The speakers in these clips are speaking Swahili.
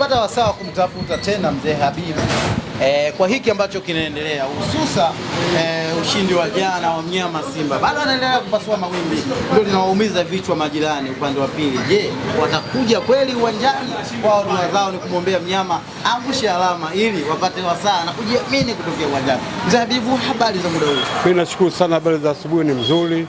tumepata wasaa wa kumtafuta tena mzee Habibu e, eh, kwa hiki ambacho kinaendelea hususa e, ushindi wa jana wa mnyama Simba bado anaendelea kupasua mawimbi, ndio linawaumiza vichwa majirani upande wa pili. Je, watakuja kweli uwanjani kwao? Dua zao ni kumwombea mnyama angushe alama ili wapate wasaa na kujiamini kutokea uwanjani. Mzee Habibu, habari za muda huu? Mimi nashukuru sana, habari za asubuhi ni mzuri.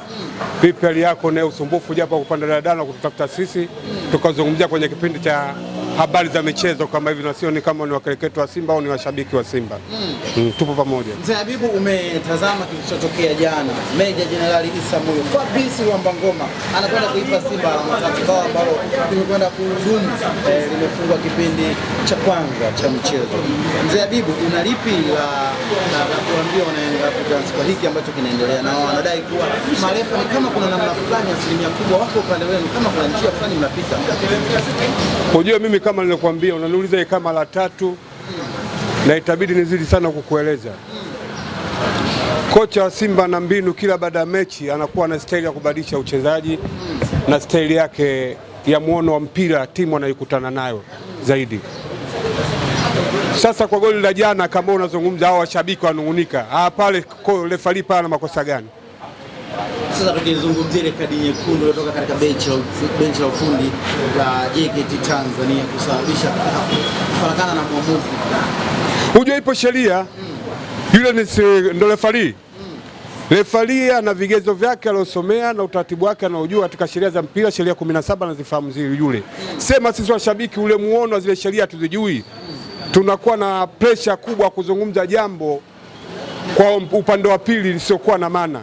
Vipi hali yako? ne usumbufu japo kupanda dadana kututafuta sisi, hmm. tukazungumzia kwenye kipindi cha habari za michezo kama hivi, na sioni kama ni wakereketo wa Simba au ni washabiki wa Simba mm. Mm, tupo pamoja. Mzee Habibu, umetazama kilichotokea jana, Meja Jenerali Isa Moyo Fabrice Rwambangoma anakwenda kuipa Simba alama tatu, bao ambalo limekwenda kuhudumu eh, limefungwa kipindi cha kwanza cha mchezo. Mzee Habibu, una lipi la la kuambia wanaanga hiki ambacho kinaendelea, na wanadai kuwa marefa ni kama kuna namna fulani, asilimia kubwa wako upande wenu, kama kuna njia fulani mnapita. Unajua mimi kama nilikwambia, unaniuliza hii kama la tatu na itabidi nizidi sana kukueleza. Kocha wa Simba na mbinu, kila baada ya mechi anakuwa na staili ya kubadilisha uchezaji na staili yake ya muono wa mpira timu anayokutana nayo zaidi. Sasa kwa goli la jana, kama unazungumza hao washabiki wanung'unika, ah, pale refari pale ana makosa gani? Sasa tukizungumzia ile kadi nyekundu kutoka katika benchi la ufundi la JKT Tanzania kusababisha kufarakana na mwamuzi, hujua ipo sheria mm. Yule ndo refari hmm. refaria ana vigezo vyake aliosomea na utaratibu wake anaojua katika sheria za mpira, sheria 17 anazifahamu zile yule. Hmm. Sema sisi washabiki ule muono zile sheria tuzijui, hmm. tunakuwa na presha kubwa kuzungumza jambo kwa upande wa pili lisiokuwa na maana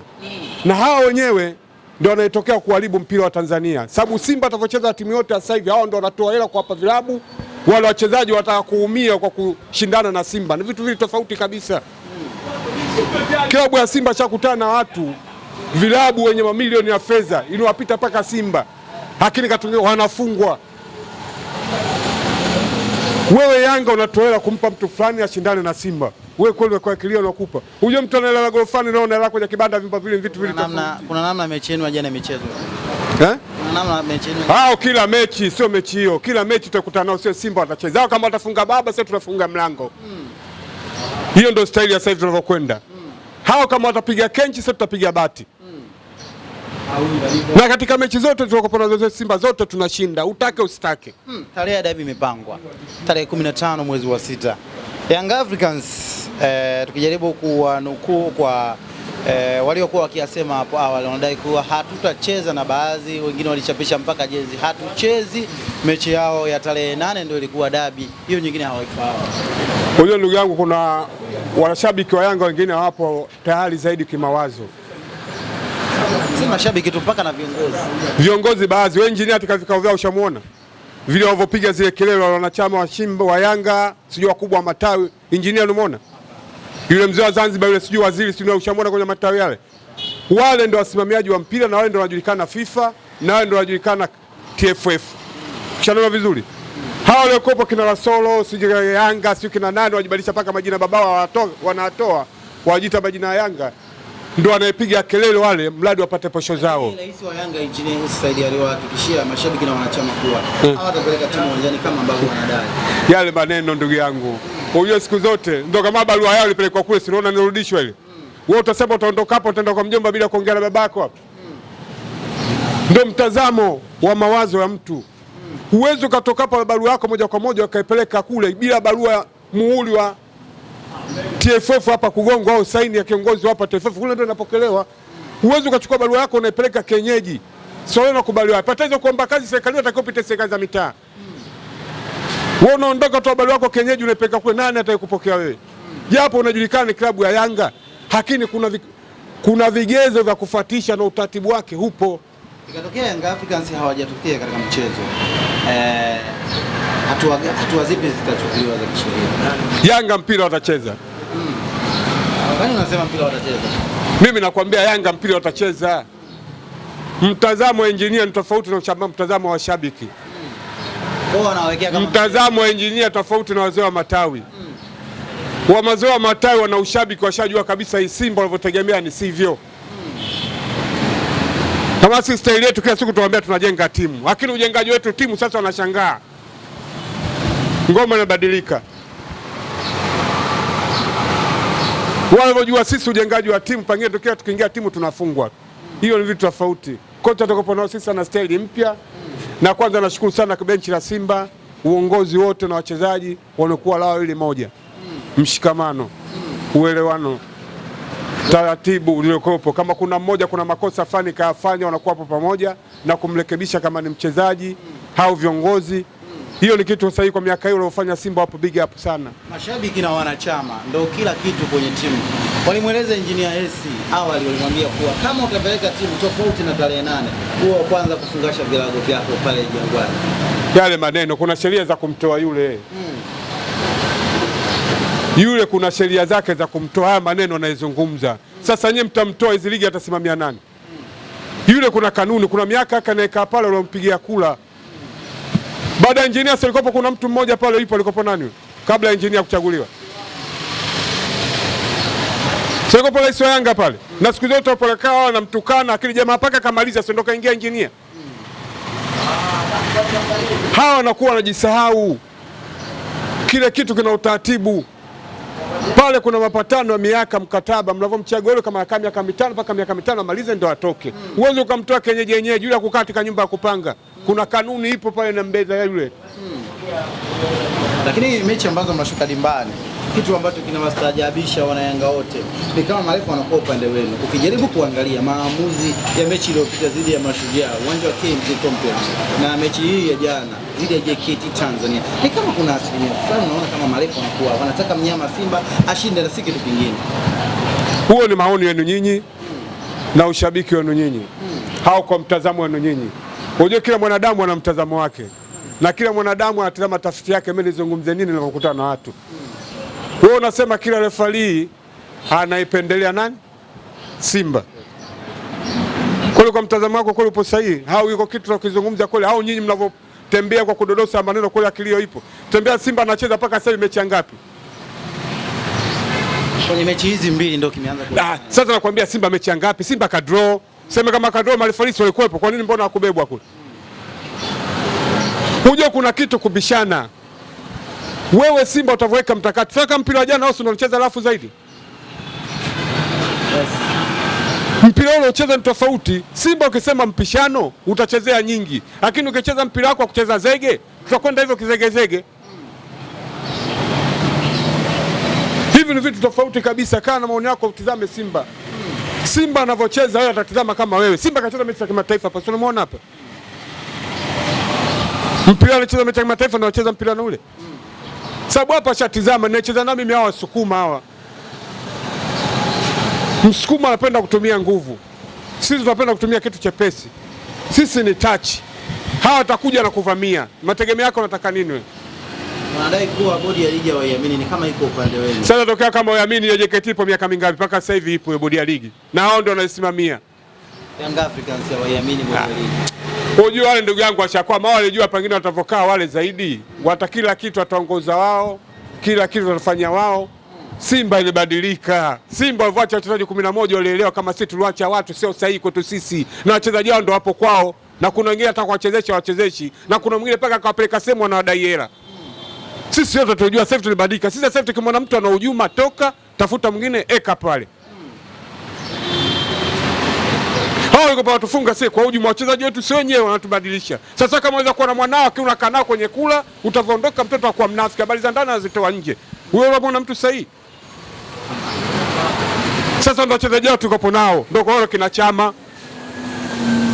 na hawa wenyewe ndio wanaetokea kuharibu mpira wa Tanzania, sababu Simba atavyocheza timu yote sasa hivi, hao ndio wanatoa hela kuwapa vilabu wale wachezaji wataka kuumia kwa kushindana na Simba. Ni vitu vili tofauti kabisa. Klabu ya Simba chakutana na watu vilabu wenye mamilioni ya fedha iliwapita mpaka Simba, lakini katumia wanafungwa. Wewe Yanga unatoa hela kumpa mtu fulani ashindane na Simba wewe kweli unakuwa ukiwakilia unakupa huyo mtu analala gorofani na analala kwenye kibanda vimba vile vitu vile. Namna Kuna namna mechi yenu jana michezo eh? Hao kila mechi sio mechi hiyo, kila mechi utakutana nao, sio Simba watacheza Kama watafunga baba, sasa tunafunga mlango. mm. Hiyo ndio staili ya sasa hivi tunavyokwenda. Hmm. Hao kama watapiga kenchi, sasa tutapiga bati hmm. na katika mechi zote tulizokuwa tunazo Simba zote tunashinda, utake usitake. Hmm, tarehe ya dabi imepangwa tarehe 15 mwezi wa sita. Young Africans eh, tukijaribu kuwanukuu kwa eh, waliokuwa wakiyasema hapo awali, wanadai kuwa hatutacheza, na baadhi wengine walichapisha mpaka jezi, hatuchezi mechi yao ya tarehe nane ndio ilikuwa dabi hiyo, nyingine hawaifahamu. Huyo ndugu yangu, kuna wanashabiki wa Yanga wengine hawapo tayari zaidi kimawazo si mashabiki tu, mpaka na viongozi viongozi baadhi, wengine hata katika vikao vyao ushamuona vile wanavyopiga zile kelele wa wanachama wa Simba wa Yanga, sijui wakubwa wa matawi. Injinia umeona yule mzee wa Zanzibar yule, sijui waziri, sijui ushamwona kwenye matawi yale. Wale ndo wasimamiaji wa mpira na wale ndo wanajulikana FIFA na wale ndio wanajulikana TFF. Kishanoma vizuri hawa waliokopo kina Rasolo sijui Yanga sijui kina nani, wajibadilisha mpaka majina babao wanatoa wanaatoa wajita majina ya Yanga ndo anayepiga kelele wale, mradi wapate posho zao. Rais wa Yanga Said aliwahakikishia mashabiki na wanachama kuwa hmm. hawatapeleka timu uwanjani kama ambavyo wanadai. Yale maneno ndugu yangu, huyo siku zote ndo kama barua yao ilipelekwa kule, si unaona nirudishwe ile hmm. wewe utasema utaondoka hapo, utaenda kwa mjomba bila kuongea na babako hapo. Hmm. Ndio mtazamo wa mawazo ya mtu. Huwezi ukatoka hapo na barua yako moja kwa moja ukaipeleka kule bila barua muhuri wa TFF hapa Kugongwa au saini ya kiongozi hapa TFF kule ndio inapokelewa. Huwezi ukachukua barua yako unaipeleka kenyeji, Sio wewe unakubaliwa. Hata hizo kuomba kazi serikali watakao pita serikali za mitaa. Wewe unaondoka tu barua yako kenyeji unaipeleka kule, nani atakupokea wewe? Japo unajulikana ni klabu ya Yanga, lakini kuna vi, kuna vigezo vya kufuatisha na utaratibu wake hupo. Ikatokea Yanga Africans hawajatokea katika mchezo. Eh, hatua hatua zipi zitachukuliwa za kisheria? Yanga mpira watacheza. Kwani unasema mpira watacheza? Mimi nakwambia Yanga mpira watacheza. Mtazamo wa engineer ni tofauti na mtazamo wa shabiki. Mtazamo wa engineer tofauti na wazee wa matawi wa mazee wa matawi wana ushabiki, washajua kabisa hii Simba walivyotegemea ni sivyo kama si staili yetu, kila siku tunawaambia tunajenga timu, lakini ujengaji wetu timu sasa wanashangaa. Ngoma inabadilika. wanavyojua sisi ujengaji wa timu, pengine tokea tukiingia timu tunafungwa. Hiyo ni vitu tofauti. Kocha atakapo nao sisi ana staili mpya, na kwanza nashukuru sana benchi la Simba, uongozi wote na wachezaji wamekuwa lao ili moja, mshikamano, uelewano, taratibu uliokopo. Kama kuna mmoja kuna makosa fani kayafanya, wanakuwa hapo pamoja na kumrekebisha, kama ni mchezaji au viongozi hiyo ni kitu sahihi kwa miaka hiyo uliofanya Simba wapo big up sana. Mashabiki na wanachama ndio kila kitu kwenye timu. Walimweleza Engineer AC awali, walimwambia kuwa kama utapeleka timu tofauti na tarehe nane huwa kwanza kufungasha vilago vyako pale Jangwani. Yale maneno, kuna sheria za kumtoa yule hmm. yule kuna sheria zake za kumtoa. Haya maneno anayezungumza hmm. Sasa nyie mtamtoa, hizi ligi atasimamia nani? hmm. Yule kuna kanuni, kuna miaka akanekaa pale, unampigia kula baada ya injinia silikopo, kuna mtu mmoja pale yupo alikopo nani, kabla ya injinia kuchaguliwa silikopo rais wa Yanga pale, na siku zote wapeleka wao wanamtukana akili jamaa mpaka kamaliza, sio ndo kaingia injinia. Hawa wanakuwa wanajisahau, kile kitu kina utaratibu pale kuna mapatano ya miaka mkataba, mnavyomchagua yule kama akaa miaka mitano mpaka miaka mitano amalize ndo atoke. uwezi ukamtoa kenyeji juu ya kukaa katika nyumba ya kupanga, kuna kanuni ipo pale na mbeza yule. Hmm. Lakini mechi ambazo mnashuka dimbani kitu ambacho kinawastaajabisha wanayanga wote ni kama marefu wanakuwa upande wenu. Ukijaribu kuangalia maamuzi ya mechi iliyopita dhidi ya Mashujaa uwanja wa KMC Complex na mechi hii ya jana dhidi ya JKT Tanzania, ni kama kuna asilimia fulani unaona kama marefu wanakuwa wanataka mnyama Simba ashinde na si kitu kingine. Huo ni maoni yenu nyinyi na ushabiki wenu nyinyi hao kwa mtazamo wenu nyinyi. Unajua kila mwanadamu ana mtazamo wake na kila mwanadamu anatazama tafiti yake. Mimi nizungumze nini ninapokutana na watu wewe unasema kila refari anaipendelea nani? Simba. Kweli kwa mtazamo wako kweli upo sahihi? Au yuko kitu cha kuzungumza kweli? Au nyinyi mnavyotembea kwa kudodosa maneno kweli akilio ipo? Tembea Simba anacheza mpaka sasa mechi ngapi? Kwenye mechi hizi mbili ndio kimeanza Ah, Sasa nakwambia Simba mechi ngapi? Simba ka draw. Sema kama ka draw marefarisi walikuwepo. Kwa nini mbona hakubebwa kule? Unajua kuna kitu kubishana. Wewe Simba utavyoweka mtakati sasa mpira wa jana au unacheza rafu zaidi? Yes. Mpira ule ucheza ni tofauti. Simba ukisema mpishano utachezea nyingi, lakini ukicheza mpira wako wa kucheza zege tutakwenda hivyo kizegezege. Hivi ni vitu tofauti kabisa. Kaa na maoni yako, utizame Simba. Simba anavyocheza wewe atatizama kama wewe. Simba kacheza mechi za kimataifa hapa, unamwona hapa mpira alicheza mechi za kimataifa na anacheza mpira na ule sababu hapa shatizama ninacheza nao mimi, hawa wasukuma hawa. Msukuma anapenda kutumia nguvu, sisi tunapenda kutumia kitu chepesi. Sisi ni touch. hawa watakuja na kuvamia. Mategemeo yako unataka nini wewe? Wanadai kuwa bodi ya ligi hawaiamini, ni kama iko upande wenu. Sasa tokea kama hawaiamini, JKT ipo miaka mingapi mpaka sasa hivi ipo bodi ya ligi, na hao ndio wanasimamia Young Africans hawaiamini bodi ya ah. ligi. Unajua wale ndugu yangu washakwama, walijua pengine watavokaa wale zaidi, wata kila kitu ataongoza wao, kila kitu watafanya wao. Simba ilibadilika. Simba walivyoacha wachezaji kumi na moja walielewa kama sisi tuliwacha watu sio sahihi kwetu sisi, na wachezaji wao ndo wapo kwao, na kuna wengine hata kuwachezesha wachezeshi, na kuna mwingine mpaka akawapeleka sehemu wanawadai hela. Sisi yote tunajua safety ilibadilika. Sisi safety, kama mtu ana hujuma, toka tafuta mwingine eka pale. moyo kwamba watufunga sie kwa ujuma, wachezaji wetu si wenyewe wanatubadilisha. Sasa kama unaweza kuwa na mwanao akiwa unakaa nao kwenye kula, utavyoondoka mtoto akuwa mnafiki, habari za ndani anazitoa nje. Wewe unamwona mtu sahihi? Sasa ndo wachezaji wetu tukopo nao ndo kwaona kina Chama,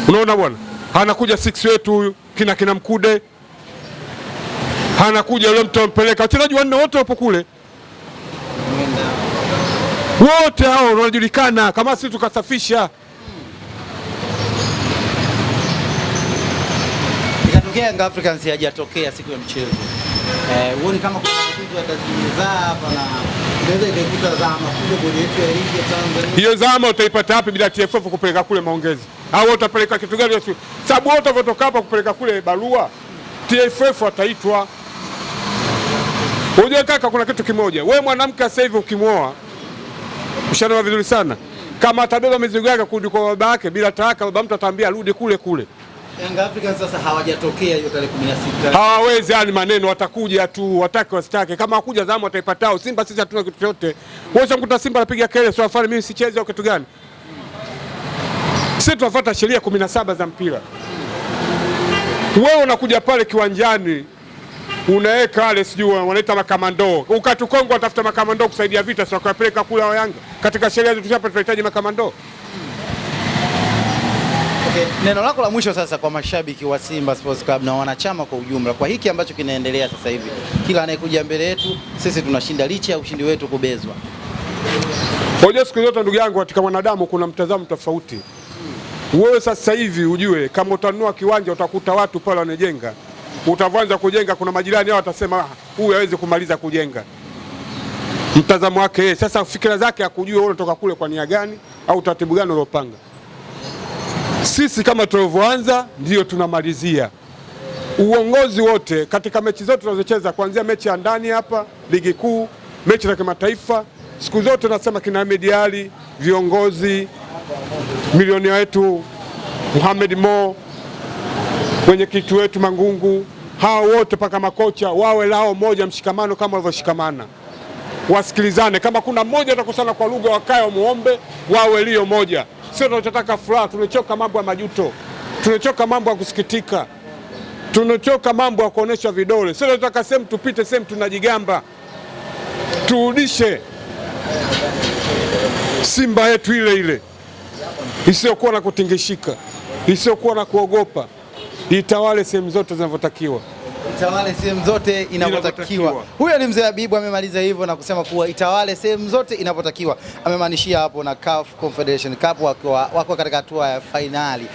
unaona bwana, anakuja six wetu huyu kina kina Mkude anakuja yule mtu ampeleka, wachezaji wanne wote wapo kule, wote hao wanajulikana. Kama sisi tukasafisha Kutokea Young Africans hajatokea siku ya mchezo. Eh, huoni kama kuna tatizo atazimezaa hapa na inaweza ikaikuta zama kubwa bodi yetu ya ya Tanzania. Hiyo zama utaipata wapi bila TFF kupeleka kule maongezi? Au utapeleka kitu gani? Sababu wote watatoka hapa kupeleka kule barua TFF wataitwa. Unajua kaka, kuna kitu kimoja, we mwanamke sasa hivi ukimwoa, ushanawa vizuri sana, kama atabeba mizigo yake kurudi kwa baba yake bila talaka, baba mtu ataambia rudi kule kule. Yanga Africans sasa hawajatokea hiyo tarehe 16. Hawawezi, yani maneno watakuja tu, watake wasitake. Kama wakuja zamu wataipatao. Simba sisi hatuna kitu chochote. Wewe mkuta Simba anapiga kelele sio afanye mimi sicheze au kitu gani? Sisi tunafuata sheria 17 za mpira. Wewe unakuja pale kiwanjani unaweka wale sijui wanaita makamando ukati Kongo watafuta makamando kusaidia vita, si wakawapeleka kula wa Yanga. Katika sheria zetu tushapata tunahitaji makamando Okay. Neno lako la mwisho sasa kwa mashabiki wa Simba Sports Club na wanachama kwa ujumla kwa hiki ambacho kinaendelea sasa hivi, kila anayekuja mbele yetu sisi tunashinda licha ya ushindi wetu kubezwa. Hoja siku zote ndugu yangu, katika mwanadamu kuna mtazamo tofauti. Wewe sasa hivi ujue kama utanua kiwanja utakuta watu pale wanajenga, utaanza kujenga, kuna majirani hao watasema ah, huyu hawezi kumaliza kujenga. Mtazamo wake yeye, sasa fikira zake, akujue wewe unatoka kule kwa nia gani au taratibu gani uliopanga. Sisi kama tulivyoanza ndiyo tunamalizia. Uongozi wote katika mechi zote tunazocheza kuanzia mechi ya ndani hapa ligi kuu, mechi za kimataifa, siku zote nasema kina Ahmed Ally, viongozi, milioni wetu Mohamed Mo, mwenyekiti wetu Mangungu, hawa wote mpaka makocha wawe lao moja, mshikamano kama walivyoshikamana wasikilizane. Kama kuna mmoja atakosana kwa lugha, wakae wamuombe, wawe lio moja sio tunachotaka furaha. Tumechoka mambo ya majuto, tumechoka mambo ya kusikitika, tunachoka mambo ya kuonyesha vidole. Sio tunataka sehemu tupite sehemu tunajigamba. Turudishe Simba yetu ile ile isiyokuwa na kutingishika, isiyokuwa na kuogopa, itawale sehemu zote zinavyotakiwa itawale sehemu zote inapotakiwa. Huyo ni mzee Habibu amemaliza hivyo na kusema kuwa itawale sehemu zote inapotakiwa, amemaanishia hapo na CAF Confederation Cup wako, wako katika hatua ya fainali.